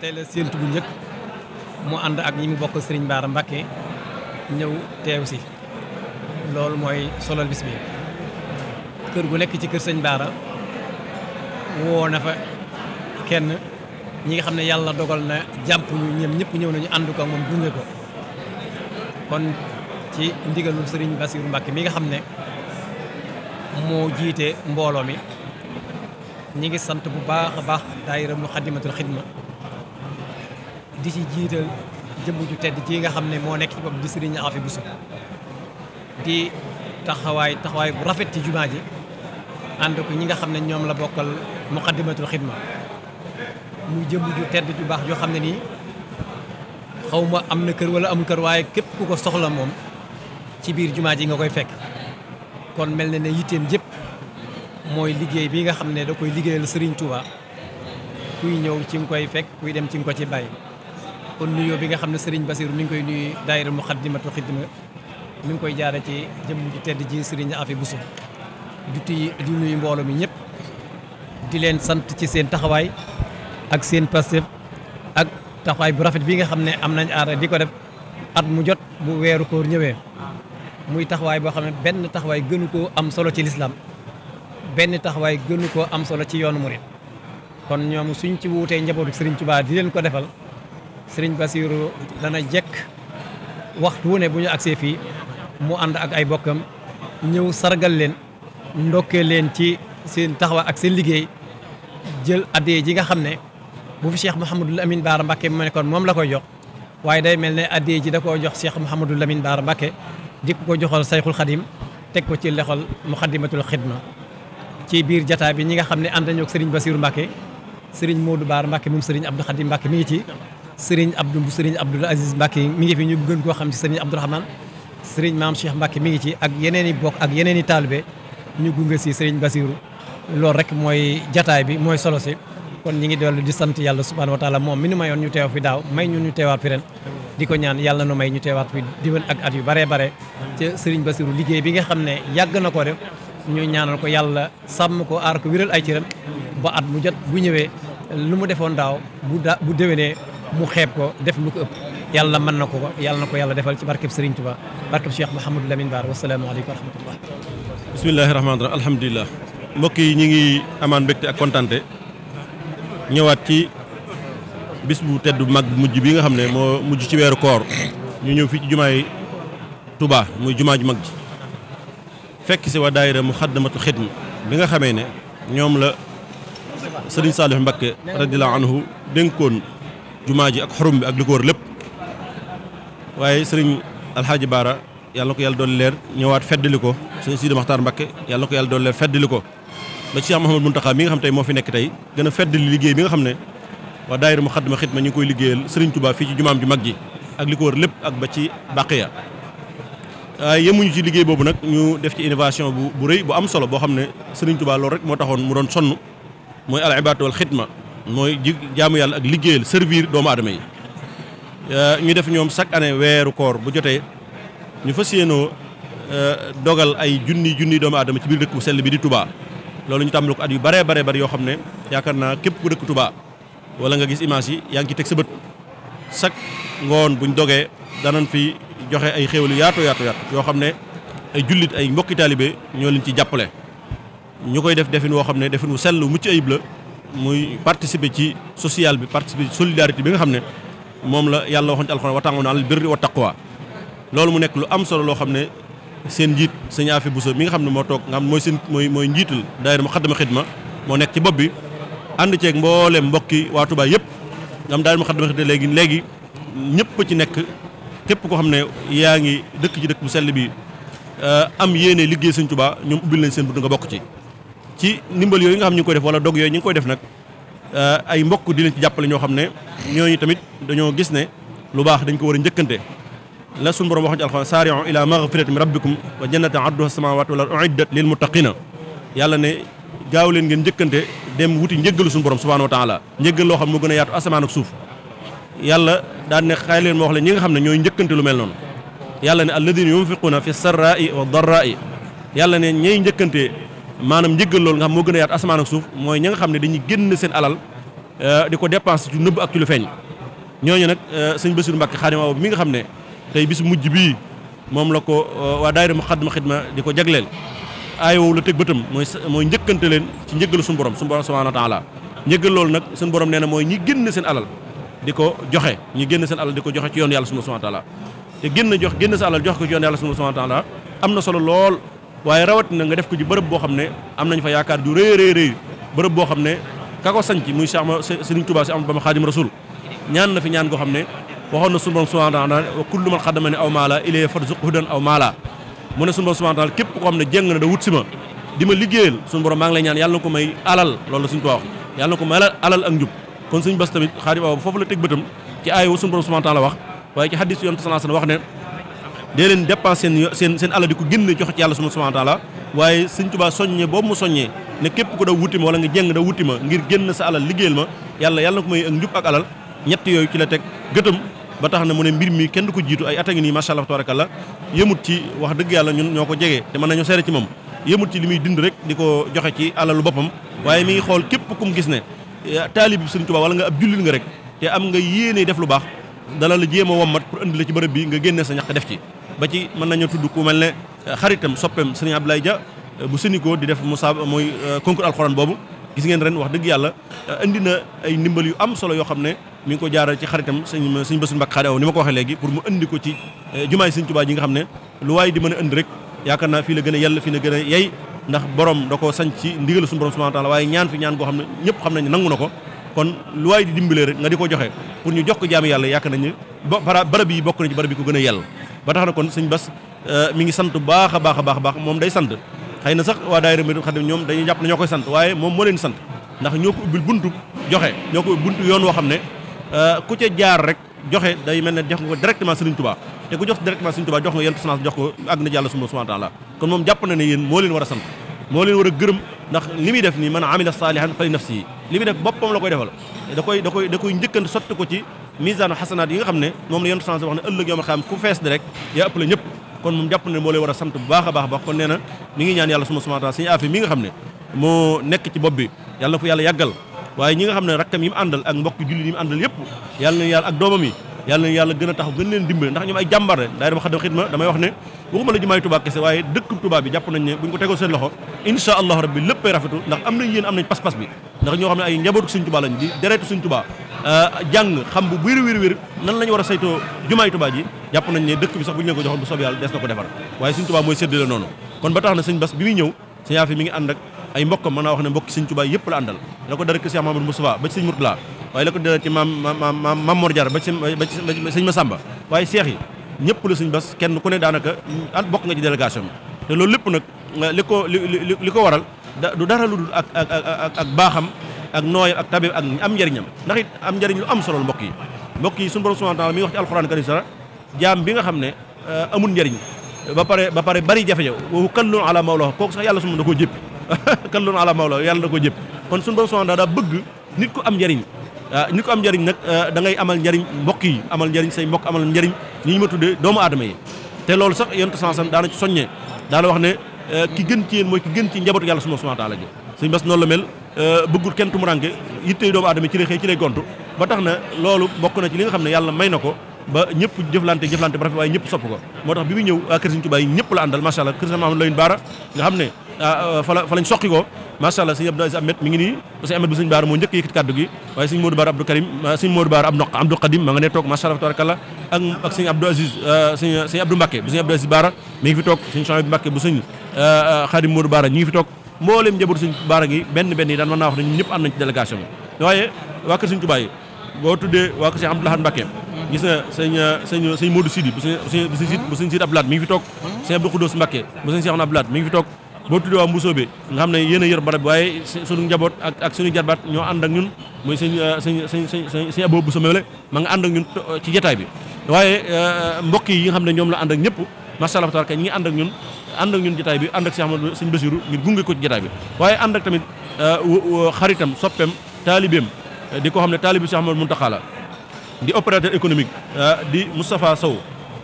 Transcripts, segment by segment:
tey la séentu bu njëkk mu ànd ak ñi mu bokk sëriñ Baara Mbacke ñëw teew si loolu mooy solal bis bi kër gu nekk ci kër sëñ Baara woo fa kenn ñi nga xam ne yàlla dogal na jàmp ñu ñëm ñëpp ñëw nañu ànd ko moom gunge ko kon ci ndigalu sëriñ Bassirou Mbacke mi nga xam ne moo jiite mbooloo mi ñi ngi sant bu baax a baax daayira mu xaddimatul xidma di ci jiital jëmm ju tedd jii nga xam ne moo nekk ci bopp di Serigne Afi Bousso di taxawaay taxawaay bu rafet ci jumaa ji ànd ko ñi nga xam ne ñoom la bokkal muqaddimatul xidma mu jëmm ju tedd ju baax joo xam ne nii xaw ma am na kër wala amul kër waaye képp ku ko soxla moom ci biir jumaa ji nga koy fekk kon mel na ne yitteem jëpp mooy liggéey bii nga xam ne da koy liggéeyal Serigne Touba kuy ñëw ci nga koy fekk kuy dem ci nga ko ci bàyyi kon nuyoo bi nga xam ne Serigne Bassirou mi ngi koy nuyu daayira Muxaddamatul Xidma mi ngi koy jaare ci jëm ji tedd ji Serigne Afi Bousso di di nuyu mbooloo mi ñëpp di leen sant ci seen taxawaay ak seen pastef ak taxawaay bu rafet bii nga xam ne am nañ aar di ko def at mu jot bu weeru koor ñëwee muy taxawaay boo xam ne benn taxawaay gënu koo am solo ci lislaam benn taxawaay gënu koo am solo ci yoonu murit kon ñoom suñ ci wuutee njabootu Serigne Touba di leen ko defal sëriñ Basiru dana jekk waxtu wu ne bu ñu agsee fii mu ànd ak ay bokkam ñëw sargal leen ndokkee leen ci seen taxawa ak seen liggéey jël addee ji nga xam ne bu fi Cheikh Mouhamadul Amin Baara Mbacke mu nekkoon moom la koy jox waaye day mel ne addee ji da koo jox Cheikh Mouhamadul Amin Baara Mbacke dikk ko joxal Sayxul Xadim teg ko ci lexol Muxaddimatul Xidma ci biir jataa bi ñi nga xam ne ànd nañoo ak sëriñ Basiru Mbacke sëriñ Modou Baara Mbacke moom sëriñ Abdou Xadim Mbacke mi ngi ci sëriñ Abdou sëriñ Abdoul Aziz Mbacke mi ngi fi ñu gën koo xam ci sëriñ Abdourahmane sëriñ maam Cheikh Mbacke mi ngi ci ak yeneen i bokk ak yeneen i taalibe ñu gunge sëriñ Basiru loolu rek mooy jataay bi mooy solo si kon ñu ngi dellu di sant yàlla subhaanahu wa taala moom mi nu mayoon ñu teew fi daaw may ñun ñu teewaat fi ren di ñu teewaat fi diwén ak at yu bare bare ci sëriñ Basiru liggéey bi nga xam ne yàgg na ko def ñu ñaanal ko yàlla sàmm ko aar ko wéral ay cëram ba at mu jot bu ñëwee mu xeeb ko def lu ko ëpp yàlla man na ko yàlla na ko yàlla defal ci barkeb Serigne Touba barkeb Cheikh Mouhamadou Lamine Bara wasalaamualeykum wa rahmatullah bismillahi rahmaani rahim alhamdulilah mbokk yi ñu ngi amaan mbégte ak kontante ñëwaat ci bis bu tedd mag mujj bi nga xam ne moo mujj ci weeru koor ñu ñëw fii ci jumaay tubaa muy jumaa ju mag ji fekk si waa daayira mu xaddamatu xidma bi nga xamee ne ñoom la Serigne Saliou Mbacké radiallahu anhu dénkoon jumaa ji ak xorum bi ak li ko wër lépp waaye sëriñ alxaaji baara yàlla na ko yàlla doon leer ñëwaat feddali ko sëriñ Sidi Maxtaar Mbakke yàlla na ko yàlla doon leer feddali ko ba Cheikh Mouhamadou Mountakha mi nga xam tey moo fi nekk tey gën a feddali liggéey bi nga xam ne waa daayira mu xaddama xidma ñu ngi koy liggéeyal sëriñ Touba fii ci jumaam ju mag ji ak li ko wër lépp ak ba ci bàqiya waaye yemuñu ci liggéey boobu nag ñu def ci innovation bu bu rëy bu am solo boo xam ne sëriñ Touba loolu rek moo mooy ji jaamu yàlla ak liggéeyal servir doomu aadama yi euh, ñu def ñoom chaque année weeru koor bu jotee ñu fas yéenoo euh, dogal ay junni junni doomu aadama ci biir dëkk bu sell bi di Touba loolu ñu tàmbali ko at yu bare bare bari yoo xam ne yaakaar naa képp ku dëkk tubaa wala nga gis image yi yaa ngi teg sa bët chaque ngoon buñ dogee danañ fi joxe ay xéwal yu yaatu yaatu yaatu yoo xam ne ay jullit ay mbokki taalibe ñoo leen ci jàppale ñu koy def defin woo xam ne defin wu sell mucc ayib muy participer ci social bi participer ci solidarité bi nga xam ne moom la yàlla waxoon ci alxuraan wa ta'aawanu alal birri wa taqwa loolu mu nekk lu am solo loo xam ne seen njiit sëñ Afi Bousso mi nga xam ne moo toog nga xam ne mooy seen mooy mooy njiital daayira Muxaddama Xidma moo nekk ci bopp bi ànd ceeg mboolem mbokki waa Touba yëpp nga xam daayira Muxaddama Xidma léegi léegi ñëpp ci nekk képp koo xam ne yaa ngi dëkk ci dëkk bu sell bi euh, am yéene liggéey sëñ Touba ñoom ubbil nañ seen bunt nga bokk ci ci ndimbal yooyu nga xam ñu koy def wala dog yooyu ñu koy def nag euh, ay mbokk di leen ci jàppale ñoo xam ne ñooñu tamit dañoo gis ne lu baax dañ ko war a njëkkante la suñu borom waxoon ci alxuraan saari'u ila maghfiratin min rabbikum wa jannatin arduha samawati wal ardu uiddat lil muttaqina yàlla ne gaaw leen ngeen njëkkante dem wuti njëggalu suñu borom subhanahu wa taala njëggal loo xam moo gën a yaatu asamaan ak suuf yàlla daan ne xaay leen ma ñi nga xam ne ñooy njëkkante lu mel noonu yàlla ne alladina yunfiquna fi sarra'i wa darra'i maanaam njëggal loolu nga xam moo gën a yaatu asamaan ak suuf mooy ñi nga xam ne dañuy génn seen alal euh, di ko dépense ci nëbb ak ci lu feeñ ñooñu nag euh, sëñ Bassirou Mbacké Xaadim Awa mi nga xam ne tey bis mujj bi moom la ko euh, waa daayira Muxaddamatul Xidma di ko jagleel aayowoo la teg bëtam mooy sa mooy njëkkante leen ci njëggalu suñu borom suñu borom subhaanahu wa taala njëggal loolu nag suñu borom nee na mooy ñi génn seen alal di ko joxe ñi génn seen alal di ko joxe ci yoon yàlla subhaanahu wa taala te génn jox génn sa jox ko yoon yàlla subhaanahu wa taala am na solo lool waaye rawat na nga def ko ci bërëb boo xam ne am nañ fa yaakaar ju rëy rëy bërëb boo xam ne ka ko sanc muy Cheikh ma Serigne Touba si am ba ma Xaadim Rasul ñaan na fi xam ne waxoon na sunu borom subhanahu wa taala wa kullu man xaddama ne aw maala ilayhi farzuq hudan aw maala mu ne sunu borom subhanahu wa taala képp ko xam ne jéng na da wut si ma di ma liggéeyal sunu borom maa ngi lay ñaan yàlla na ko may alal loolu la suñu ko yàlla na ko may alal ak njub kon suñu bas tamit xaadim aw foofu la teg bëtam ci aaya wa taala wax waaye ci hadis yonent sallallahu dee leen dépense seen seen seen alal di ko génne joxe ci yàlla suma wa taala waaye sëñ Tuubaa soññe boobu mu soññee ne képp ku daw wuti ma wala nga jeng daw wuti ma ngir génn sa alal liggéeyal ma yàlla yàlla na ko may ak njub ak alal ñett yooyu ci la teg gëtëm ba tax na mu ne mbir mi kenn du ko jiitu ay at a ngi nii macha allah tabarakallah yëmut ci wax dëgg yàlla ñun ñoo ko jege te mën nañoo seere ci moom yëmut ci li muy dund rek di ko joxe ci alalu boppam waaye mi ngi xool képp ku mu gis ne eh, taalib bi sëñ Tuubaa wala nga ab jullit nga rek am nga yéene def lu dala la jéem a wommat pour indi la ci bërëb bi nga génne sa ñaq def ci ba ci mën nañu tudd ku mel ne euh, xaritam soppeem sëriñ Abdoulaye Dia euh, bu sunikoo di def Moussa mooy euh, concours alxuraan boobu gis ngeen ren wax dëgg yàlla indi na ay ndimbal yu am solo yoo xam ne mi ngi ko jaara ci xaritam sëñ sëñ Bassirou Mbacké Khady Awa ni ma ko waxee léegi pour mu indi ko ci jumaay sëñ Tuubaa ji nga xam ne lu waaye di mën a indi rek yaakaar naa fii la gën a yàlla fii la gën a yey ndax borom da ko sañ ci ndigalu suñu borom subhanahu wa ñaan fi ñaan ne ñëpp xam nañ nangu ko kon lu waaye di dimbale rek ko joxe pour ñu jox ko jaami yàlla yaakaar nañu barab yi bokk na ci barab ko gën a yàlla ba tax na kon sëñ bas euh, mi ngi sant baax a baax a baax moom day sant xëy na sax waa daayira Médina Xadim ñoom dañuy jàpp ne ñoo koy sant waaye moom moo leen sant ndax ñoo ko ubbil buntu joxe ñoo ko buntu yoon woo xam ne euh, ku ca jaar rek joxe day mel ne jox nga ko directement Sëriñ Tuubaa te ku jox directement Sëriñ Tuubaa jox nga yent sanc jox ko àgg na Yàlla subhaanahu wa taala kon moom jàpp na ne yéen moo leen war a sant moo leen war a gërëm ndax li muy def nii man amila saalihan fali nafsi yi li muy def la koy defal da koy da ko ci misaanu xasanaat yi nga xam ne moom la yonent sens wax ne ëllëg yooma xam ku fees di rek yaa ëpp la ñëpp kon moom jàpp ne moo lay war a sant bu baax a baax baax kon nee na mi ngi ñaan yàlla suma subhaanahu wa taala suñu affaire mi nga xam ne moo nekk ci bopp bi yàlla na ko yàlla waaye ñi nga xam ne rakkam yi mu àndal ak mbokk jullit yi mu àndal yëpp yàlla na ak doomam yi yàlla na yàlla gën a taxaw gën leen dimbale ndax ñoom ay jàmbar la dama xadam xidma damay wax ne waxuma la jumaay Touba kese waaye dëkk Touba bi jàpp nañ ne buñ ko tegoo seen loxo insha allahu rabbi léppay rafetu ndax am nañ yéen am nañ pas-pas bi ndax ñoo xam ne ay njabootu suñ Touba lañ di deretu suñ Touba euh, jàng xam bu wér wér wér nan la war a saytoo jumaay Touba ji jàpp nañ ne dëkk bi sax bu ñu leen ko joxoon bu soob yàlla des na ko defar ba tax na waaye la ko dala ci maam maam maam Mor Diarra ba ci ba ci sëñ Massamba waaye seex yi ñëpp la sëñ Bass kenn ku ne daanaka at ah bokk nga ci délégation te loolu lépp nag li ko li li ko waral du dara lu dul ak ak baaxam ak nooyam ak tabe ak am njariñam ndax it am njariñ lu am solo mbokk yi mbokk yi suñ borom subhanahu wa taala mi wax ci alquran karim sara jaam bi nga xam ne euh, amul njëriñ ba pare ba pare bari jafe-jafe woowu kan loonu ala mawla kooku sax yàlla su da koo jëpp kan loonu ala mawla yàlla da koo jëpp kon suñ borom subhanahu daa bëgg nit ku am njëriñ ni euh, ko am njariñ nag euh, da ngay amal njariñ mbokk yi amal njariñ say mbokk amal njariñ ñi ñu ma tuddee doomu aadama yi te loolu sax yonent sansam daana ci soññee daana wax ne euh, ki gën ci yéen mooy ki gën ci njabootu yàlla suma subhaanahu wa taala ji suñu bas noonu la mel bëggul kenn tumuranke yittey doomu aadama yi ci lay xëy ci lay gontu ba tax na loolu bokk na ci li nga xam ne yàlla may na ko ba ñëpp jëflante jëflante ba rafet waaye ñëpp sopp ko moo tax bi mu ñëw waa kër Sëriñ Tuubaa la àndal Bara nga xam ne Ah, ah, fa la fa lañ soqi ko macha allah sëñ Abdou Aziz Ahmed mi ngi nii sëñ Ahmed bu sëñ Baara moo njëkk yëkkati kaddu gi waaye sëñ Modou Baara Abdou Karim ah, sëñ Modou Baara Abdou Abdou Kadim ma nga ne toog macha allah tabarakallah ak ak sëñ Abdou Aziz Baara mi ngi fi toog sëñ Chouaib Mbacke bu sëñ Xaadim Modou Baara benn benn yi daan ñëpp ànd nañ ci délégation bi waaye waa kër sëñ Tuubaa yi boo tuddee waa kër sëñ Abdou Lahad Mbacke gis na sëñ bu sëñ bu sëñ Sidi mi ngi fi toog sëñ Abdou Khoudoss Mbacke bu sëñ Cheikhouna Abdou Lahad fi toog boo tuddee waa Mbusoobe nga xam ne yéen a yor barab waaye suñu njaboot ak ak suñu jarbaat ñoo ànd ak ñun muy euh, sëñ sëñ sëñ sëñ sëñ Abou Bousso Mewle ma nga ànd ak ñun euh, ci jataay bi waaye euh, mbokk yi nga xam ne ñoom la ànd ak ñëpp macha allah tabaraka ñi ngi ànd ak ñun ànd ak ñun jataay bi ànd ak Cheikh Ahmadou sëñ Bassirou ngir gunge ko ci jataay bi waaye ànd ak tamit xaritam soppeem taalibeem di ko xam ne taalibi Cheikh Ahmadou Mountakha la di opérateur économique di Moustapha Sow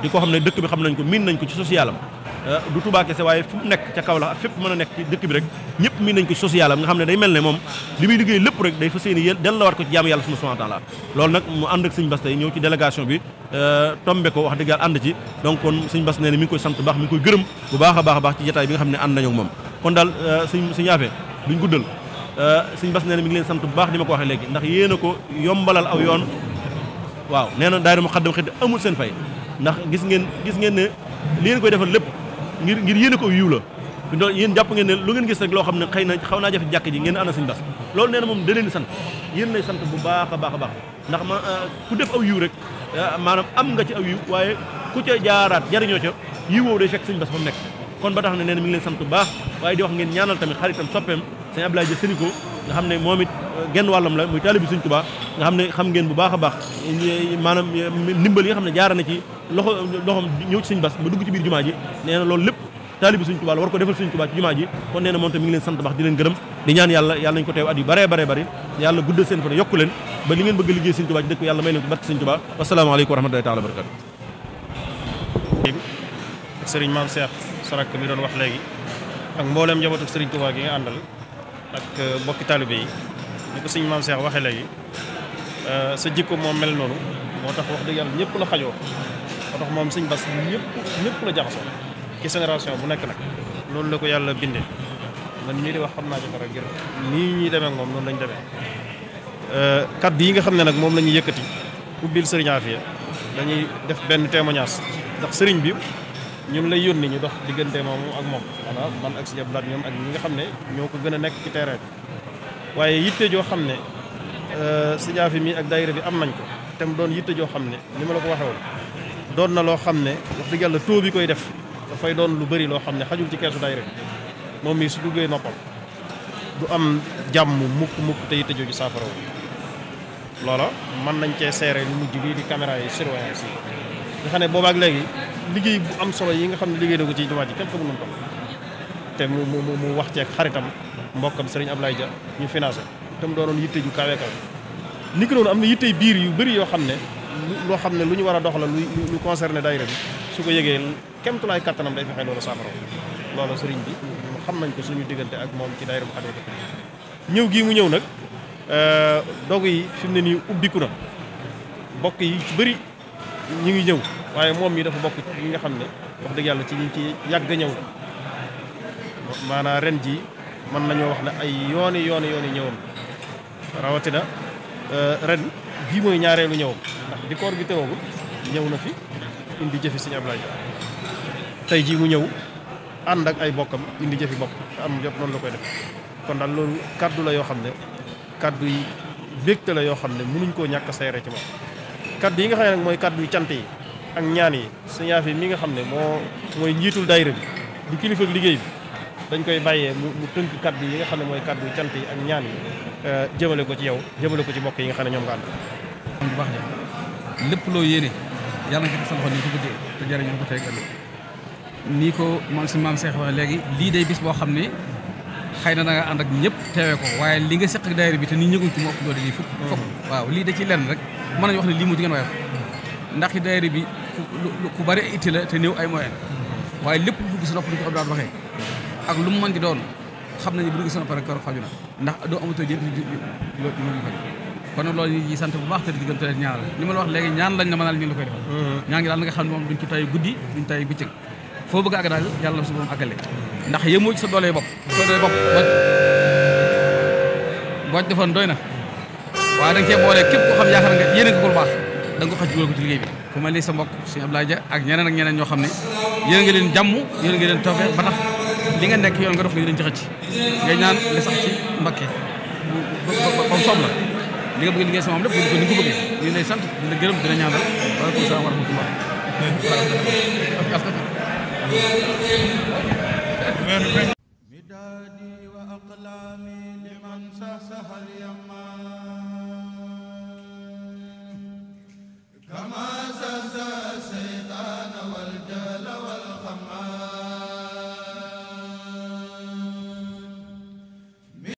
di ko xam ne dëkk bi xam nañ ko miin nañ ko ci socialam Euh, du Touba kese waaye fu mu nekk ca Kaolack ak fépp mën a nekk ci dëkk bi rek ñëpp mii nañ ko social am nga xam ne day mel ne moom li muy liggéey lépp rek day fas yéene yéen delluwaat ko ci jaamu yàlla subhanahu wa taala loolu nag mu ànd ak sëñ Bass tey ñëw ci délégation bi euh, tombe ko wax dëgg yàlla ànd ci donc kon sëñ Bass nee mi ngi koy sant baax mi ngi koy gërëm bu baax a baax a baax ci jotaay bi nga xam ne ànd nañu ak moom kon daal euh, sëñ sëñ Yaafe duñ guddal sëñ mi ngi leen sant bu baax di ma ko waxee léegi ndax yéen a ko yombalal aw yoon waaw nee na daayira Muxaddamatul Xidma amul seen fay ndax gis ngeen gis ngeen ne li ngeen koy lépp ngir ngir yéene ko yiw la do yéen jàpp ngeen ne lu ngeen gis rek loo xam ne xëy na xaw naa jafe jàkk ji ngeen ana suñu bas loolu nee moom da leen di sant yéen lay sant bu baax a baax a baax ndax ma euh, ku def aw yiw rek euh, maanaam am nga ci aw yiw waaye ku ca jaaraat jariñoo ca yiw woowu day fekk suñu bas fa nekk kon ba tax ne nee na ngi leen sant bu baax waaye di wax ngeen ñaanal tamit tam soppeem sëñ Abdoulaye Dia Seniko nga xam ne moom it euh, genn wàllam la muy taalibi Sëñ Tuubaa nga xam ne xam ngeen bu baax a baax maanaam ndimbal yi xam ne jaara na ci loxo loxoom ñëw ci sëñ bas ma dugg ci biir jumaa ji nee loolu lépp taalibi sëñ Tuubaa la war ko defal sëñ Tuubaa ci jumaa ji kon nee na moom tamit mi ngi leen sant baax di leen gërëm di ñaan yàlla yàlla nañ ko teew at yu bare bare bari yàlla guddal seen fan yokku leen ba li ngeen bëgg liggéey sëñ Tuubaa ci dëkk yàlla may leen ko barke sëñ Tuubaa wasalaamaaleykum wa rahmatullahi taala gi nga àndal ak euh, bokki taalibe yi ni ko sëriñ maam Cheikh waxee léegi euh, sa jikko moom mel noonu moo tax wax ñëpp la tax moom sëñ Bass ñëpp ñëpp la jaxasoo ci bu nekk nag loolu la ko yàlla bindee man ñii di wax xam naa ci dara ngir nii ñuy demee moom noonu lañ demee euh, kaddu yi nga xam ne nag moom la ñuy yëkkati ubbil sëriñ Afia dañuy def benn témoignage ndax sëriñ bi ñun lay yónni ñu dox diggante moomu ak moom voilà man ak si jablaat ñoom ak ñi nga xam ne ñoo ko gën a nekk ci terrain waaye yitte joo xam ne euh, si Afia mii ak daayira bi am nañ ko te mu doon yitte joo xam ne ni ma la ko waxee woon doon na loo xam ne wax dëgg yàlla taux koy def dafay doon lu bari loo xam ne xajul ci keesu rek moom mii su duggee noppal du am jàmm mukk mukk tey tëjoo ci saafara loola mën nañ cee seere lu mujj bii di caméra yi surveillance yi nga xam ne boobaak léegi liggéey bu am solo yi nga xam ne liggéey na ko ci jumaa ji kenn xamul nu mu toll te mu mu mu wax ceeg xaritam mbokkam sëriñ Ablaye Dia ñu financé te mu doonoon yitte ju kawe kawe ni ko noonu am na biir yu bëri yoo xam ne loo xam ne lu ñu war a dox la lu lu concerné daayira bi su ko yëgee kemtulaay kattanam day fexe loolu saafara loolu sëriñ bi xam nañ ko suñu diggante ak moom ci daayira bu ñëw gii mu ñëw nag euh, dogu yi fi mu ne nii ubbiku na yi ci bëri ñu ngi ñëw waaye moom mi dafa bokk ñi nga xam ne wax dëgg yàlla ci ñi ci yàgg a ñëw maanaam ren ji mën nañoo wax ne ay yooni yooni yooni ñëwam rawatina euh, ren jii mooy ñaareelu ñëwam di koor gi ñëw na fi indi jëfi sëñ Ablaye tey jii mu ñëw ànd ak ay bokkam indi jëfi bokk am yëpp noonu la koy def kon daal loolu kàddu la yoo xam ne kaddu yi bégte la yoo xam ne mënuñ koo ñàkk seere ci moom kaddu yi nga xam ne nag mooy kaddu yi cant yi ak ñaan yi sëñ mi nga xam ne moo mooy njiitul daayira bi kilifa liggéey dañ koy bàyyee mu tënk yi nga xam ne mooy kaddu cant yi ak ñaan yi euh, jëmale ko ci yow jëmale ko ci bokk yi nga xam ne ñoom nga ànd bu baax lépp loo yéene yàlla nga ko sa loxo nii ko maam si maam Cheikh waxee léegi lii day bis boo xam ne xëy na da ànd ak ñëpp teewee ko waaye li nga seq ak daayira bi te ni ñëguñ ci moo ëpp doole lii fukk waaw lii da ci lenn rek mën nañu wax ne lii moo ci gën a woyof ndax daayira bi ku bari itti la te néew ay moyen waaye lépp lu dugg sa nopp ni ko Abdoulaye waxee ak lu mu mën di doon xam nañu bu dugg sa nopp rek kawar faju na ndax doo amatul jënt yu faj kon nag loolu ñu sant bu baax te di gën a ñaanal li ma a wax léegi ñaan lañ la mënal ñu ngi la koy defal mm-hmm. ñaan ngi daal ne foo bëgg a yàlla na su borom àggale ndax yëmoo ci sa doole bopp sa doole bopp boo defoon doy na waaye da nga cee boole xam xaj bi ku mel ni sa mbokk Sëñ Abdoulaye ak ñeneen ak ñeneen ñoo xam ne yéen nga leen jàmm yéen nga leen toofe ba tax li nga nekk yoon nga def nga leen ci xëcc ngay ñaan li sax ci mbakke ba sob la li nga bëgg liggéey si moom lépp ko ni ko bëggee ñu lay sant di la gërëm di la ñaanal waaleykum salaam wa rahmatullah midadi wa aqlami liman sahal yamma kama sahal shaytan wal jala wal khamma